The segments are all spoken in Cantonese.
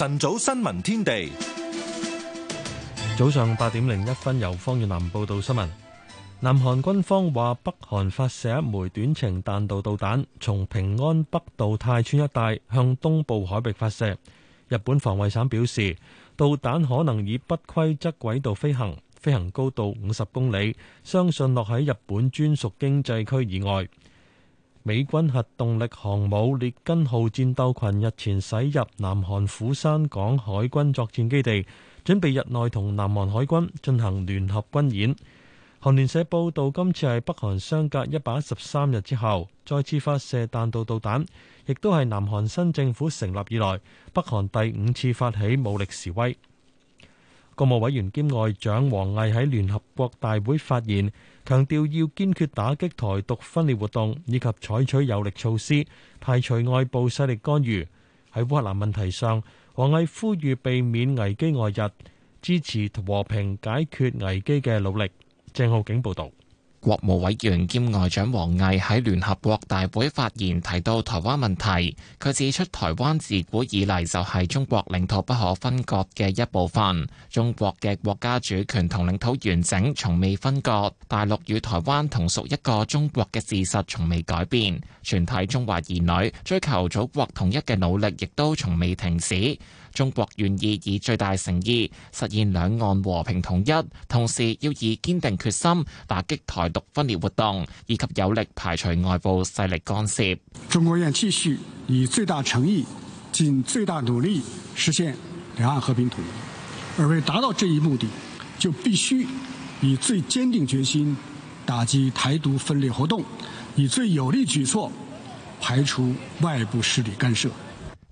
晨早新聞天地，早上八點零一分由方月南報道新聞。南韓軍方話北韓發射一枚短程彈道導彈，從平安北道泰川一帶向東部海域發射。日本防衛省表示，導彈可能以不規則軌道飛行，飛行高度五十公里，相信落喺日本專屬經濟區以外。美軍核動力航母“列根號”戰鬥群日前駛入南韓釜山港海軍作戰基地，準備日內同南韓海軍進行聯合軍演。韓聯社報道，今次係北韓相隔一百一十三日之後再次發射彈道導彈，亦都係南韓新政府成立以來北韓第五次發起武力示威。國務委員兼外長王毅喺聯合國大會發言，強調要堅決打擊台獨分裂活動，以及採取有力措施排除外部勢力干預。喺烏克蘭問題上，王毅呼籲避免危機外溢，支持和平解決危機嘅努力。鄭浩景報道。國務委員兼外長王毅喺聯合國大會發言提到台灣問題，佢指出，台灣自古以嚟就係中國領土不可分割嘅一部分，中國嘅國家主權同領土完整從未分割，大陸與台灣同屬一個中國嘅事實從未改變，全體中華兒女追求祖國統一嘅努力亦都從未停止。中國願意以最大誠意實現兩岸和平統一，同時要以堅定決心打擊台獨分裂活動，以及有力排除外部勢力干涉。中國願繼續以最大誠意、盡最大努力實現兩岸和平統一，而為達到這一目的，就必須以最堅定決心打擊台獨分裂活動，以最有力舉措排除外部勢力干涉。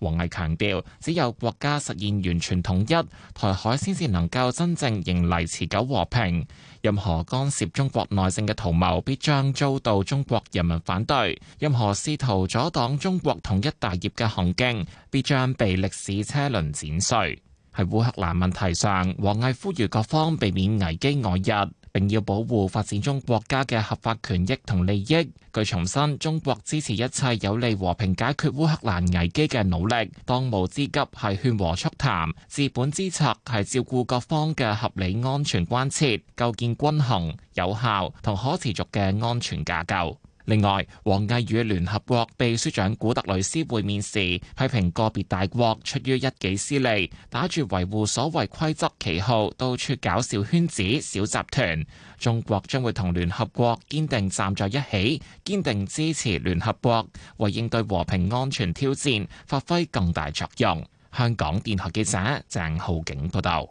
王毅強調，只有國家實現完全統一，台海先至能夠真正迎嚟持久和平。任何干涉中國內政嘅圖謀，必將遭到中國人民反對；任何試圖阻擋中國統一大業嘅行徑，必將被歷史車輪碾碎。喺烏克蘭問題上，王毅呼籲各方避免危機外溢。定要保護發展中國家嘅合法權益同利益。據重申，中國支持一切有利和平解決烏克蘭危機嘅努力。當務之急係勸和促談，治本之策係照顧各方嘅合理安全關切，構建均衡、有效同可持續嘅安全架構。另外，王毅與聯合國秘書長古特雷斯會面時，批評個別大國出於一己私利，打住維護所謂規則旗號，到處搞小圈子、小集團。中國將會同聯合國堅定站在一起，堅定支持聯合國，為應對和平安全挑戰發揮更大作用。香港電台記者鄭浩景報道。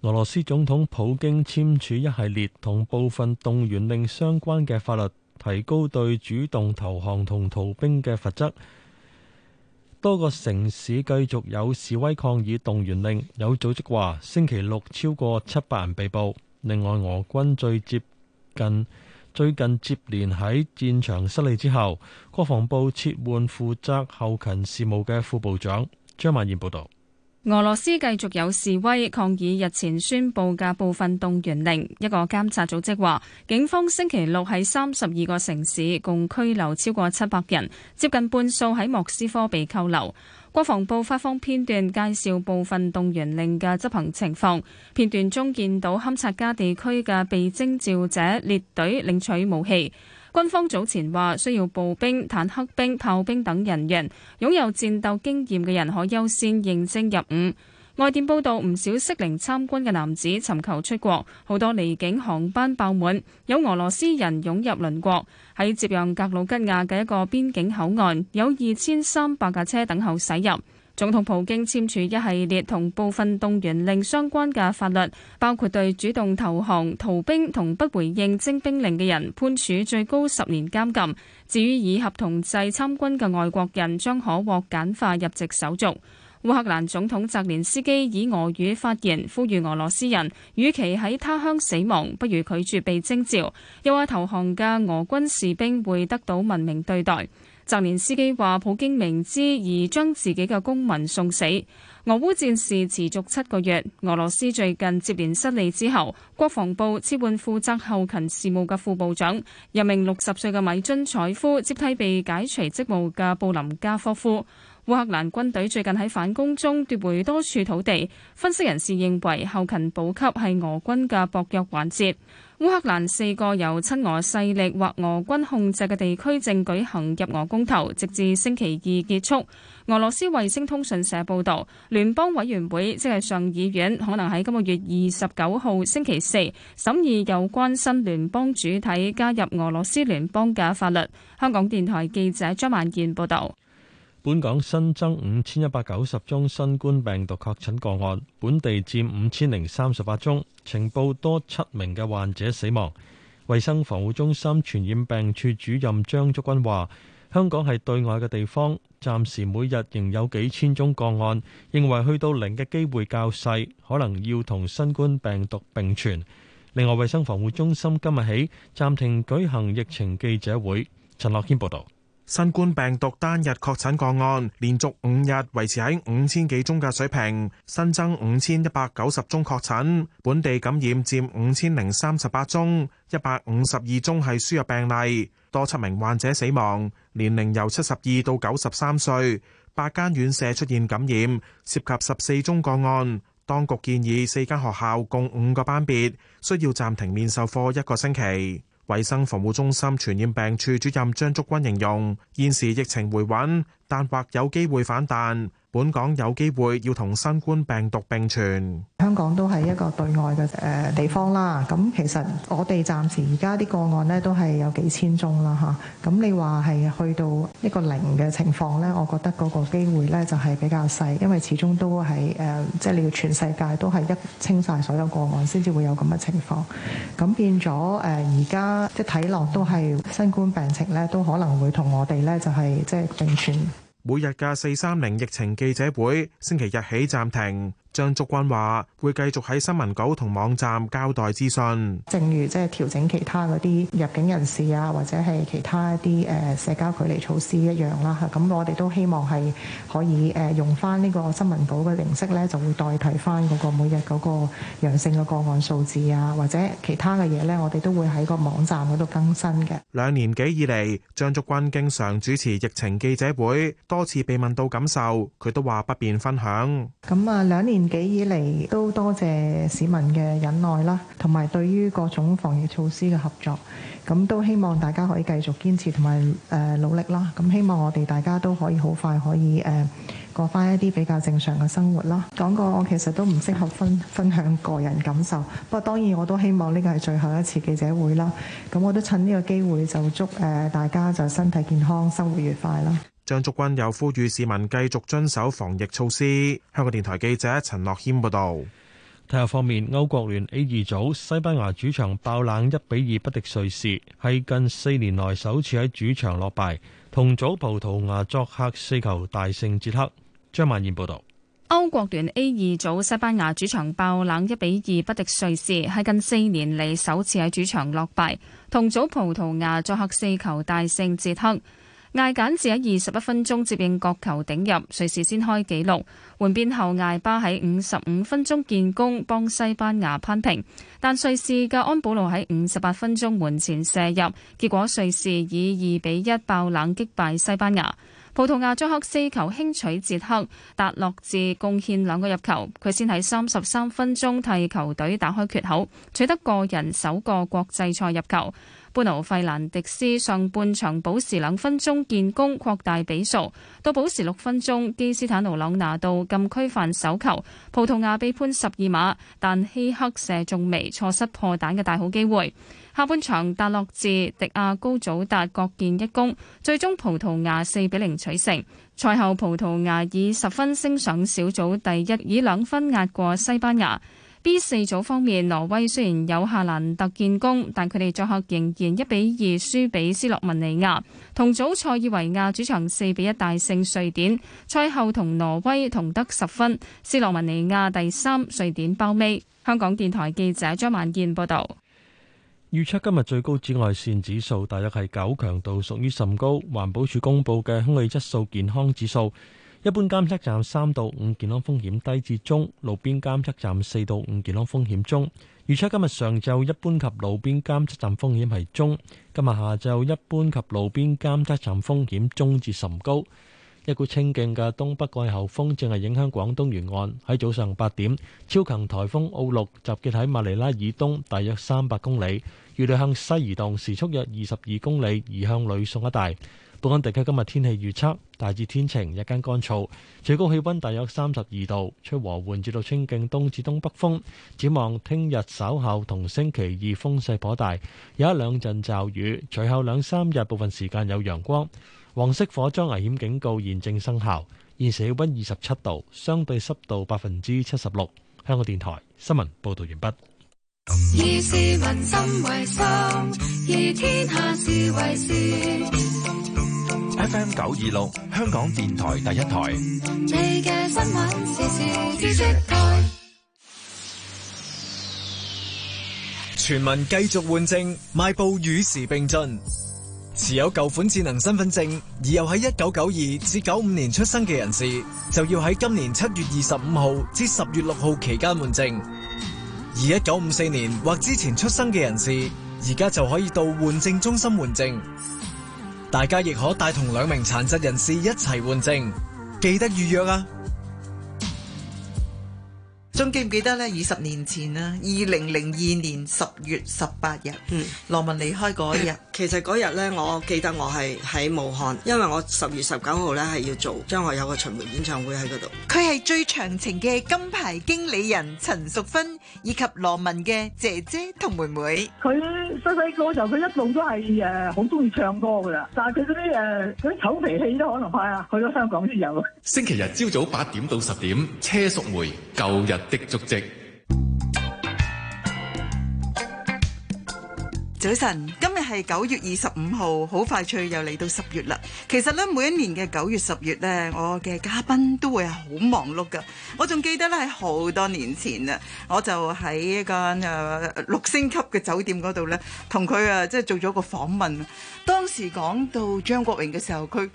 俄羅斯總統普京簽署一系列同部分動員令相關嘅法律。提高對主動投降同逃兵嘅罰則。多個城市繼續有示威抗議動員令。有組織話星期六超過七百人被捕。另外，俄軍最接近最近接連喺戰場失利之後，國防部撤換負責後勤事務嘅副部長，張曼燕報導。俄羅斯繼續有示威抗議日前宣布嘅部分動員令。一個監察組織話，警方星期六喺三十二個城市共拘留超過七百人，接近半數喺莫斯科被扣留。國防部發放片段介紹部分動員令嘅執行情況，片段中見到堪察加地區嘅被徵召者列隊領取武器。軍方早前話需要步兵、坦克兵、炮兵等人員，擁有戰鬥經驗嘅人可優先應徵入伍。外電報道，唔少適齡參軍嘅男子尋求出國，好多離境航班爆滿，有俄羅斯人湧入鄰國。喺接壤格魯吉亞嘅一個邊境口岸，有二千三百架車等候駛入。總統普京簽署一系列同部分動員令相關嘅法律，包括對主動投降、逃兵同不回應徵兵令嘅人判處最高十年監禁。至於以合同制參軍嘅外國人，將可獲簡化入籍手續。烏克蘭總統澤連斯基以俄語發言，呼籲俄羅斯人，與其喺他鄉死亡，不如拒絕被徵召。又話投降嘅俄軍士兵會得到文明對待。澤連斯基話：普京明知而將自己嘅公民送死。俄烏戰事持續七個月，俄羅斯最近接連失利之後，國防部撤換負責後勤事務嘅副部長，任命六十歲嘅米津采夫接替被解除職務嘅布林加科夫。烏克蘭軍隊最近喺反攻中奪回多處土地，分析人士認為後勤補給係俄軍嘅薄弱環節。烏克蘭四個由親俄勢力或俄軍控制嘅地區正舉行入俄公投，直至星期二結束。俄羅斯衛星通訊社報道，聯邦委員會即係上議院可能喺今個月二十九號星期四審議有關新聯邦主體加入俄羅斯聯邦嘅法律。香港電台記者張萬健報道。本港新增五千一百九十宗新冠病毒確診個案，本地佔五千零三十八宗，情報多七名嘅患者死亡。衛生防護中心傳染病處主任張竹君話，香港係對外嘅地方，暫時每日仍有幾千宗個案，認為去到零嘅機會較細，可能要同新冠病毒並存。另外，衛生防護中心今日起暫停舉行疫情記者會。陳樂謙報道。新冠病毒單日確診個案連續五日維持喺五千幾宗嘅水平，新增五千一百九十宗確診，本地感染佔五千零三十八宗，一百五十二宗係輸入病例，多七名患者死亡，年齡由七十二到九十三歲，八間院舍出現感染，涉及十四宗個案。當局建議四間學校共五個班別需要暫停面授課一個星期。衛生防護中心傳染病處主任張竹君形容，現時疫情回穩。但或有機會反彈，本港有機會要同新冠病毒並存。香港都係一個對外嘅誒地方啦。咁其實我哋暫時而家啲個案呢，都係有幾千宗啦嚇。咁你話係去到一個零嘅情況呢，我覺得嗰個機會呢就係比較細，因為始終都係誒，即係你要全世界都係一清晒所有個案先至會有咁嘅情況。咁變咗誒，而家即係睇落都係新冠病毒疫情呢，都可能會同我哋呢、就係，就係即係並存。每日嘅四三零疫情記者會，星期日起暫停。張竹君話：會繼續喺新聞稿同網站交代資訊，正如即係調整其他嗰啲入境人士啊，或者係其他一啲誒社交距離措施一樣啦。咁我哋都希望係可以誒用翻呢個新聞稿嘅形式咧，就會代替翻嗰個每日嗰個陽性嘅個案數字啊，或者其他嘅嘢咧，我哋都會喺個網站嗰度更新嘅。兩年幾以嚟，張竹君經常主持疫情記者會，多次被問到感受，佢都話不便分享。咁啊，兩年。年幾以嚟都多謝市民嘅忍耐啦，同埋對於各種防疫措施嘅合作，咁都希望大家可以繼續堅持同埋誒努力啦。咁希望我哋大家都可以好快可以誒過返一啲比較正常嘅生活啦。講過我其實都唔適合分分享個人感受，不過當然我都希望呢個係最後一次記者會啦。咁我都趁呢個機會就祝誒大家就身體健康，生活愉快啦。張竹君又呼籲市民繼續遵守防疫措施。香港電台記者陳樂謙報道。體育方面，歐國聯 A 二組，西班牙主場爆冷一比二不敵瑞士，係近四年嚟首次喺主場落敗。同組葡萄牙作客四球大勝捷克。張曼燕報道。歐國聯 A 二組，西班牙主場爆冷一比二不敵瑞士，係近四年嚟首次喺主場落敗。同組葡萄牙作客四球大勝捷克。艾簡治喺二十一分鐘接應角球頂入，瑞士先開紀錄。換邊後，艾巴喺五十五分鐘建功，幫西班牙扳平。但瑞士嘅安保路喺五十八分鐘門前射入，結果瑞士以二比一爆冷擊敗西班牙。葡萄牙作客四球輕取捷克，達洛治貢獻兩個入球，佢先喺三十三分鐘替球隊打開缺口，取得個人首個國際賽入球。布魯諾費蘭迪斯上半場補時兩分鐘建功擴大比數，到補時六分鐘基斯坦奴朗拿度禁區犯手球，葡萄牙被判十二碼，但希克射中楣錯失破蛋嘅大好機會。下半場達洛治、迪亞高祖達各建一功，最終葡萄牙四比零取勝。賽後葡萄牙以十分升上小組第一，以兩分壓過西班牙。B 四組方面，挪威雖然有夏蘭特建功，但佢哋作客仍然一比二輸俾斯洛文尼亞。同組塞爾維亞主場四比一大勝瑞典，賽後同挪威同得十分，斯洛文尼亞第三，瑞典包尾。香港電台記者張萬健報道。預測今日最高紫外線指數大約係九強度，屬於甚高。環保署公布嘅空氣質素健康指數。一般監測站三到五健康風險低至中，路邊監測站四到五健康風險中。預測今日上晝一般及路邊監測站風險係中，今日下晝一般及路邊監測站風險中至甚高。一股清勁嘅東北季候風正係影響廣東沿岸。喺早上八點，超強颱風奧鹿集結喺馬尼拉以東大約三百公里，預料向西移動，時速約二十二公里，移向呂宋一帶。本港地區今日天氣預測，大致天晴，日間乾燥，最高氣溫大約三十二度，吹和緩至到清勁東至東北風。展望聽日稍後同星期二風勢頗大，有一兩陣驟雨。隨後兩三日部分時間有陽光。黃色火災危險警告現正生效。現時氣溫二十七度，相對濕度百分之七十六。香港電台新聞報道完畢。以市民心為心，以天下事為事。FM 九二六，26，香港電台第一台。全民繼續換證，邁步與時並進。持有舊款智能身份證而又喺一九九二至九五年出生嘅人士，就要喺今年七月二十五號至十月六號期間換證。而一九五四年或之前出生嘅人士，而家就可以到換證中心換證。大家亦可帶同兩名殘疾人士一齊換證，記得預約啊。仲記唔記得咧？二十年前啦，二零零二年十月十八日，嗯、羅文離開嗰日。啊、其實嗰日咧，我記得我係喺武漢，因為我十月十九號咧係要做張學友嘅巡迴演唱會喺嗰度。佢係最長情嘅金牌經理人陳淑芬，以及羅文嘅姐姐同妹妹。佢細細個時候，佢一路都係誒好鍾意唱歌㗎啦，但係佢嗰啲誒啲醜脾氣都可能係啊，去咗香港先有。星期日朝早八點到十點，車淑梅舊日 的足跡。早晨，今日係九月二十五號，好快脆又嚟到十月啦。其實咧，每一年嘅九月、十月咧，我嘅嘉賓都會係好忙碌㗎。我仲記得咧，喺好多年前啊，我就喺一間誒六星級嘅酒店嗰度咧，同佢啊，即係做咗個訪問。當時講到張國榮嘅時候，佢。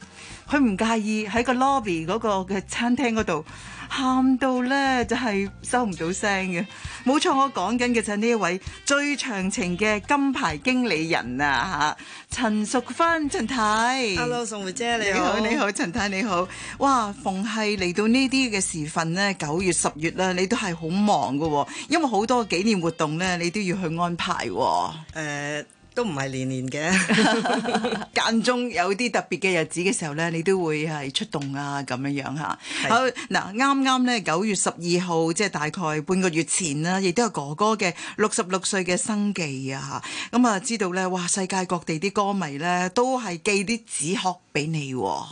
佢唔介意喺個 lobby 嗰個嘅餐廳嗰度喊到咧，就係收唔到聲嘅。冇錯，我講緊嘅就係呢一位最長情嘅金牌經理人啊嚇，陳淑芬陳太。Hello，宋梅姐你好，你好。你好，陳太你好。哇，逢係嚟到呢啲嘅時份咧，九月十月啦，你都係好忙嘅喎，因為好多紀念活動咧，你都要去安排喎。Uh 都唔係年年嘅。 間中有啲特別嘅日子嘅時候呢，你都會係出動啊，咁樣樣嚇。是好嗱，啱啱呢，九月十二號，即係大概半個月前啦，亦都有哥哥嘅六十六歲嘅生忌啊嚇。咁、嗯、啊，知道呢，哇，世界各地啲歌迷呢都係寄啲紙鶴俾你喎。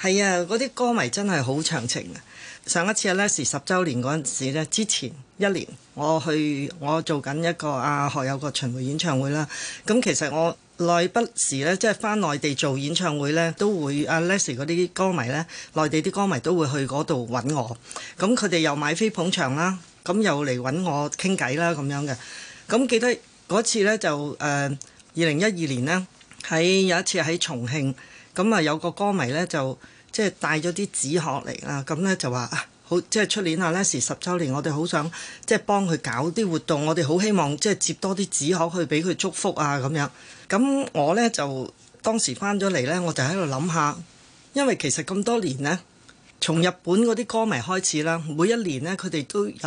係啊，嗰啲、啊、歌迷真係好長情啊！上一次阿 Leslie 十周年嗰陣時咧，之前一年我去我做緊一個阿學友個巡迴演唱會啦。咁其實我耐不時呢，即係翻內地做演唱會呢，都會阿 Leslie 嗰啲歌迷呢，內地啲歌迷都會去嗰度揾我。咁佢哋又買飛捧場啦，咁又嚟揾我傾偈啦，咁樣嘅。咁記得嗰次呢，就誒二零一二年呢，係有一次喺重慶，咁啊有個歌迷呢，就。即係帶咗啲紙殼嚟啦，咁咧就話啊，好即係出年阿 l e 十週年，我哋好想即係幫佢搞啲活動，我哋好希望即係接多啲紙殼去俾佢祝福啊咁樣。咁我咧就當時翻咗嚟咧，我就喺度諗下，因為其實咁多年咧，從日本嗰啲歌迷開始啦，每一年咧佢哋都。